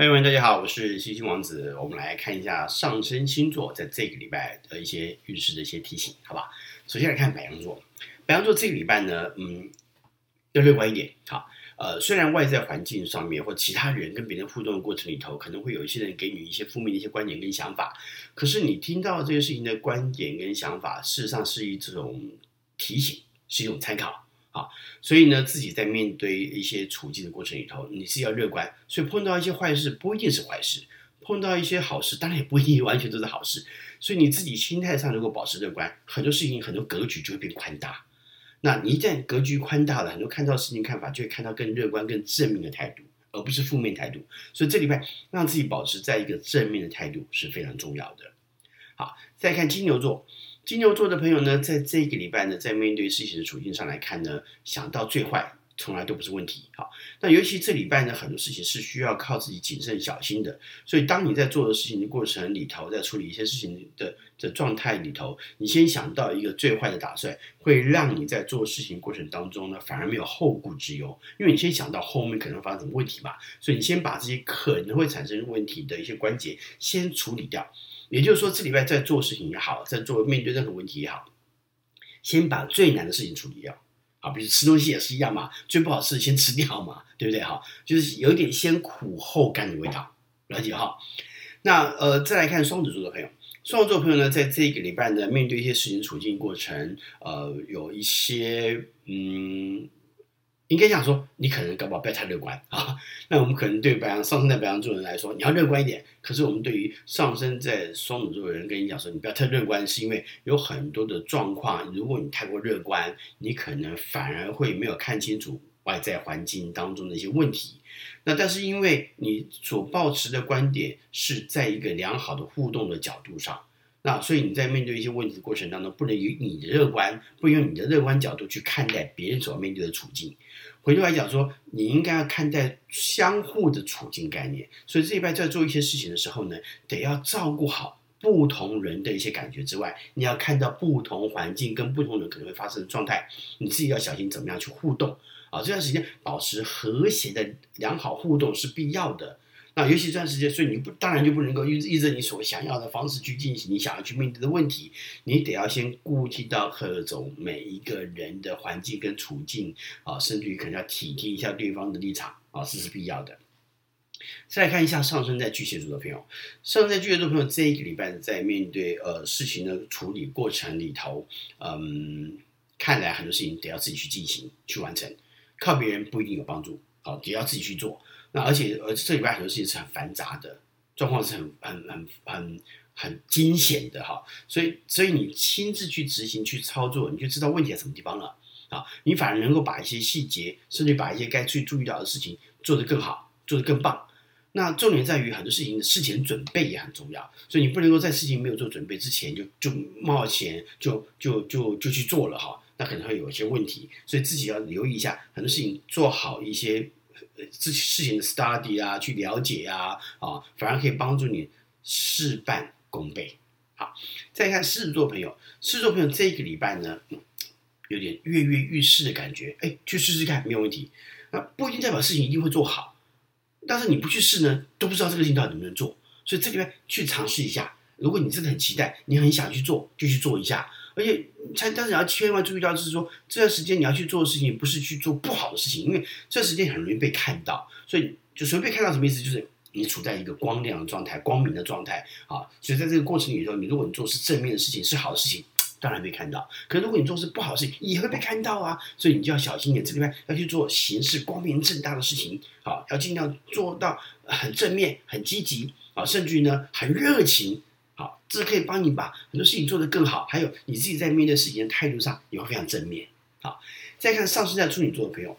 朋友們，大家好，我是星星王子。我們來看一下上升星座在這個禮拜的一些運勢的一些提醒，好吧？首先來看白羊座，白羊座這個禮拜呢，嗯，要樂觀一點，好。呃，雖然外在環境上面或其他人跟別人互動的過程裡頭，可能會有一些人給你一些負面的一些觀點跟想法，可是你聽到這些事情的觀點跟想法，事實上是一種提醒，是一種參考。啊，所以呢，自己在面對一些處境的過程裡頭，你是要樂觀。所以碰到一些壞事不一定是壞事，碰到一些好事當然也不一定完全都是好事。所以你自己心態上如果保持樂觀，很多事情很多格局就會變寬大。那你一旦格局寬大了，很多看到事情看法就會看到更樂觀、更正面的態度，而不是負面態度。所以這裡面讓自己保持在一個正面的態度是非常重要的。好，再看金牛座。金牛座的朋友呢，在這個禮拜呢，在面對事情的處境上來看呢，想到最壞從來都不是問題。好，那尤其這禮拜呢，很多事情是需要靠自己謹慎小心的。所以，當你在做的事情的過程裡頭，在處理一些事情的的狀態裡頭，你先想到一個最壞的打算，會讓你在做事情過程當中呢，反而沒有後顧之憂，因為你先想到後面可能發生什麼問題嘛。所以，你先把這些可能會產生問題的一些關節先處理掉。也就是說，這禮拜在做事情也好，在做面對任何問題也好，先把最難的事情處理掉，好，比如吃東西也是一樣嘛，最不好吃先吃掉嘛，對不對？哈，就是有點先苦後甘的味道，了解哈？那呃，再來看雙子座的朋友，雙子座的朋友呢，在這個禮拜呢，面對一些事情處境過程，呃，有一些嗯。應該想說，你可能搞不好不要太樂觀啊。那我們可能對白羊上升在白羊座的人來說，你要樂觀一點。可是我們對於上升在雙子座的人跟你講說，你不要太樂觀，是因為有很多的狀況，如果你太過樂觀，你可能反而會沒有看清楚外在環境當中的一些問題。那但是因為你所抱持的觀點是在一個良好的互動的角度上。那、啊、所以你在面對一些問題的過程當中，不能以你的樂觀，不能用你的樂觀角度去看待別人所要面對的處境。回頭來講說，你應該要看待相互的處境概念。所以這一拜在做一些事情的時候呢，得要照顧好不同人的一些感覺之外，你要看到不同環境跟不同人可能會發生的狀態，你自己要小心怎麼樣去互動啊。這段時間保持和諧的良好互動是必要的。那尤其這段時間，所以你不當然就不能夠用依照你所想要的方式去進行你想要去面對的問題，你得要先顧及到各種每一個人的環境跟處境啊、呃，甚至於可能要體貼一下對方的立場啊，這、呃、是，是必要的。再來看一下上升在巨蟹座的朋友，上升在巨蟹座的朋友，這一個禮拜在面對呃事情的處理過程裡頭，嗯，看來很多事情得要自己去進行去完成，靠別人不一定有幫助。好，也要自己去做。那而且，而且這裡邊很多事情是很繁雜的，狀況是很、很、很、很、很驚險的哈。所以，所以你親自去執行、去操作，你就知道問題在什麼地方了啊。你反而能夠把一些細節，甚至把一些該去注意到的事情，做得更好，做得更棒。那重點在於很多事情的事前準備也很重要，所以你不能夠在事情沒有做準備之前，就就冒險，就就就就去做了哈。那可能會有一些問題，所以自己要留意一下。很多事情做好一些，呃、自己事情的 study 啊，去了解啊，啊、哦，反而可以幫助你事半功倍。好，再看獅子座朋友，獅子座朋友這一個禮拜呢，有點躍躍欲試的感覺，哎，去試試看沒有問題。那不一定代表事情一定會做好，但是你不去試呢，都不知道這個事情到底能不能做。所以這裡面去嘗試一下，如果你真的很期待，你很想去做，就去做一下。而且，但但是你要千萬注意到，就是說這段時間你要去做的事情，不是去做不好的事情，因為這段時間很容易被看到。所以，就隨便被看到什麼意思？就是你處在一個光亮的狀態、光明的狀態啊。所以，在這個過程裡頭，你如果你做的是正面的事情、是好的事情，當然被看到；可如果你做的是不好的事情，也會被看到啊。所以，你就要小心點，這個地方要去做行事光明正大的事情，好、啊，要盡量做到很正面、很積極啊，甚至於呢，很熱情。這可以幫你把很多事情做得更好，還有你自己在面對事情的態度上也會非常正面。好，再看上升在處女座的朋友，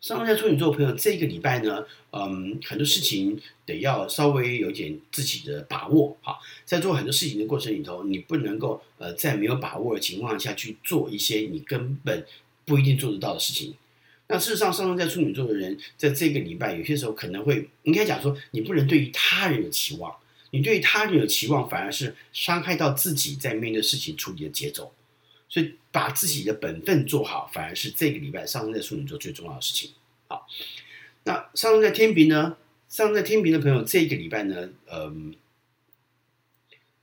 上升在處女座的朋友，這個禮拜呢，嗯，很多事情得要稍微有點自己的把握。好，在做很多事情的過程裡頭，你不能夠呃，在沒有把握的情況下去做一些你根本不一定做得到的事情。那事實上，上升在處女座的人，在這個禮拜有些時候可能會應該講說，你不能對於他人有期望。你對他人的期望，反而是傷害到自己在面對事情處理的節奏，所以把自己的本分做好，反而是這個禮拜上升在處女座最重要的事情。好，那上升在天秤呢？上升在天秤的朋友，這個禮拜呢，嗯、呃，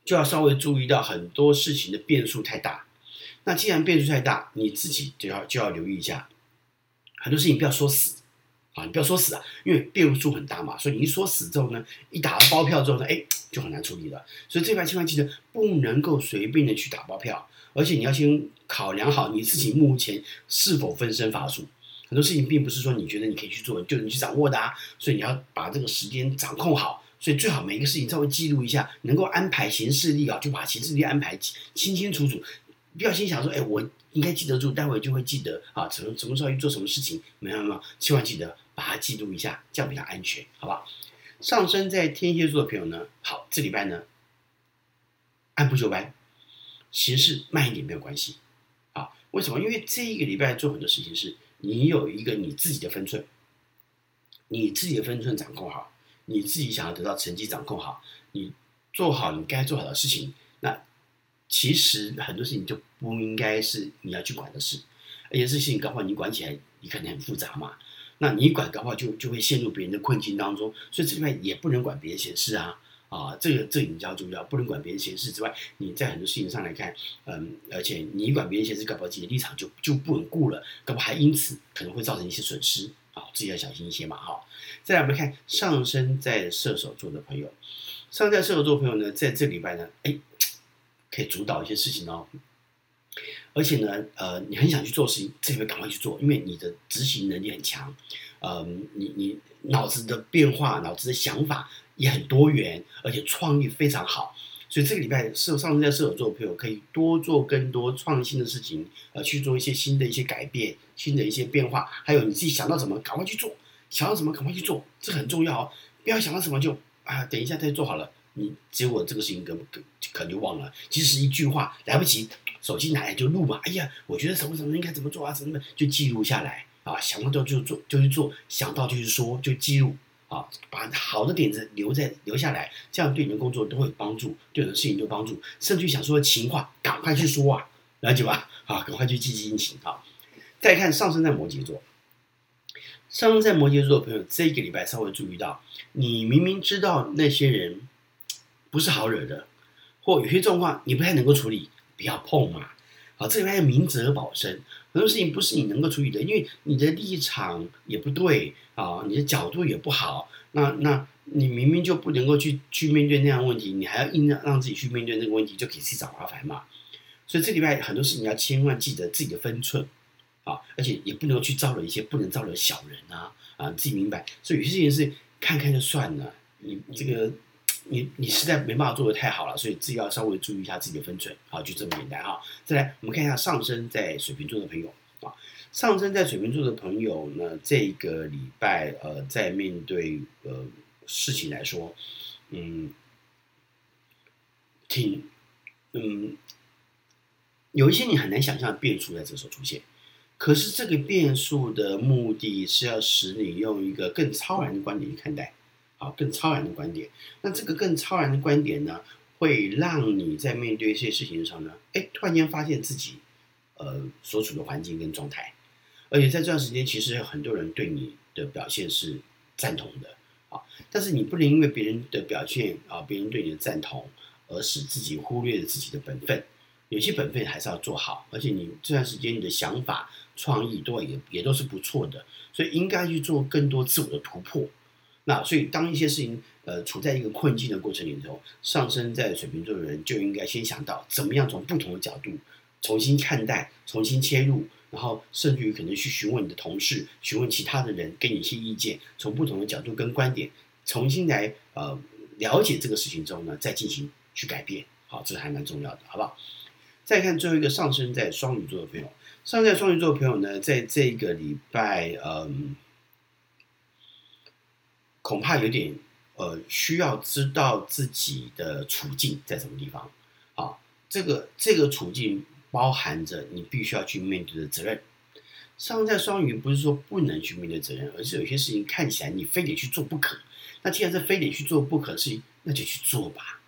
就要稍微注意到很多事情的變數太大。那既然變數太大，你自己就要就要留意一下，很多事情不要說死啊，你不要說死啊，因為變數很大嘛，所以你一說死之後呢，一打了包票之後呢，哎。就很難處理了，所以這邊千萬記得不能夠隨便的去打包票，而且你要先考量好你自己目前是否分身乏術。很多事情並不是說你覺得你可以去做，就你去掌握的啊，所以你要把這個時間掌控好。所以最好每一個事情稍微記錄一下，能夠安排行事曆啊，就把行事曆安排清清楚楚。不要心想說，哎，我應該記得住，待會就會記得啊，什麼什麼時候去做什麼事情，明白嗎？千萬記得把它記錄一下，這樣比較安全，好不好？上升在天蠍座的朋友呢，好，這禮拜呢，按部就班，行事慢一點沒有關係，啊，為什麼？因為這一個禮拜做很多事情，是你有一個你自己的分寸，你自己的分寸掌控好，你自己想要得到成績掌控好，你做好你該做好的事情，那其實很多事情就不應該是你要去管的事，而且事情剛好你管起來，你肯定很複雜嘛。那你管的話就，就就會陷入別人的困境當中，所以這裡面也不能管別人閒事啊啊，這個這你、個、也要注意、啊、不能管別人閒事之外，你在很多事情上來看，嗯，而且你管別人閒事，搞不好自己的立場就就不穩固了，搞不好還因此可能會造成一些損失啊，自己要小心一些嘛。好、哦，再來我們看上升在射手座的朋友，上升在射手座的朋友呢，在這禮拜呢，哎，可以主導一些事情哦。而且呢，呃，你很想去做事情，這個趕快去做，因為你的執行能力很強，嗯、呃，你你腦子的變化、腦子的想法也很多元，而且創意非常好。所以這個禮拜射手座上升在射手座的朋友，可以多做更多創新的事情，呃，去做一些新的一些改變、新的一些變化。還有你自己想到什麼，趕快去做；想到什麼，趕快去做，這很重要哦。不要想到什麼就啊，等一下再做好了，你、嗯、結果這個事情可可可能就忘了。其實一句話，來不及。手機拿來就錄嘛！哎呀，我覺得什麼什麼應該怎麼做啊？什麼的就記錄下來啊！想到就就做，就去做；想到就去說，就記錄啊！把好的點子留在留下來，這樣對你的工作都會有幫助，對你的事情有幫助。甚至於想說的情話，趕快去說啊！了解吧？啊，趕快去積極進行啊！再看上升在摩羯座，上升在摩羯座的朋友，這個禮拜稍微注意到，你明明知道那些人不是好惹的，或有些狀況你不太能夠處理。不要碰嘛、啊，好，這禮拜要明哲保身，很多事情不是你能夠處理的，因為你的立場也不對啊，你的角度也不好，那那，你明明就不能夠去去面對那樣的問題，你還要硬讓自己去面對那個問題，就給自己找麻煩嘛。所以這禮拜很多事情要千萬記得自己的分寸，啊，而且也不能夠去招惹一些不能招惹的小人啊，啊，自己明白。所以有些事情是看看就算了，你這個。嗯你你實在沒辦法做得太好了，所以自己要稍微注意一下自己的分寸，好，就這麼簡單啊，再來，我們看一下上升在水瓶座的朋友啊，上升在水瓶座的朋友呢，這個禮拜呃，在面對呃事情來說，嗯，挺，嗯，有一些你很難想象的變數在這時候出現，可是這個變數的目的是要使你用一個更超然的觀點去看待。好，更超然的觀點。那這個更超然的觀點呢，會讓你在面對一些事情的時候呢，哎，突然間發現自己，呃，所處的環境跟狀態，而且在這段時間，其實很多人對你的表現是贊同的。啊，但是你不能因為別人的表現啊，別人對你的贊同，而使自己忽略了自己的本分。有些本分還是要做好，而且你這段時間你的想法、創意都，多也也都是不錯的，所以應該去做更多自我的突破。那所以，當一些事情呃處在一個困境的過程裡頭，上升在水瓶座的人就應該先想到怎麼樣從不同的角度重新看待、重新切入，然後甚至於可能去詢問你的同事、詢問其他的人，給你一些意見，從不同的角度跟觀點重新來呃了解這個事情之後呢，再進行去改變。好、哦，這是還蠻重要的，好不好？再看最後一個上升在雙魚座的朋友，上升在雙魚座的朋友呢，在這個禮拜嗯。恐怕有點，呃，需要知道自己的處境在什麼地方，啊，這個這個處境包含着你必須要去面對的責任。上在雙魚不是說不能去面對責任，而是有些事情看起來你非得去做不可。那既然是非得去做不可的事情，那就去做吧，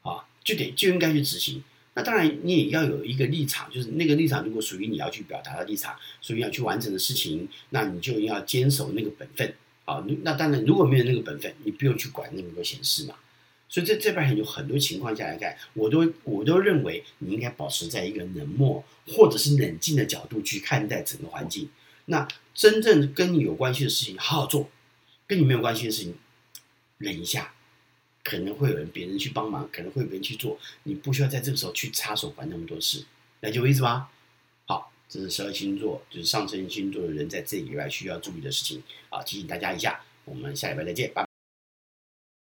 啊，就得就應該去執行。那當然你也要有一個立場，就是那個立場如果屬於你要去表達的立場，屬於要去完成的事情，那你就要堅守那個本分。啊、哦，那當然，如果沒有那個本分，你不用去管那麼多閒事嘛。所以這這邊還有很多情況下來看，我都我都認為你應該保持在一個冷漠或者是冷靜的角度去看待整個環境。那真正跟你有關係的事情，好好做；跟你沒有關係的事情，忍一下。可能會有人別人去幫忙，可能會有別人去做，你不需要在這個時候去插手管那麼多事。那就意思嘛。這是十二星座，就是上升星座的人在這裡以外需要注意的事情啊，提醒大家一下，我們下禮拜再見，拜拜。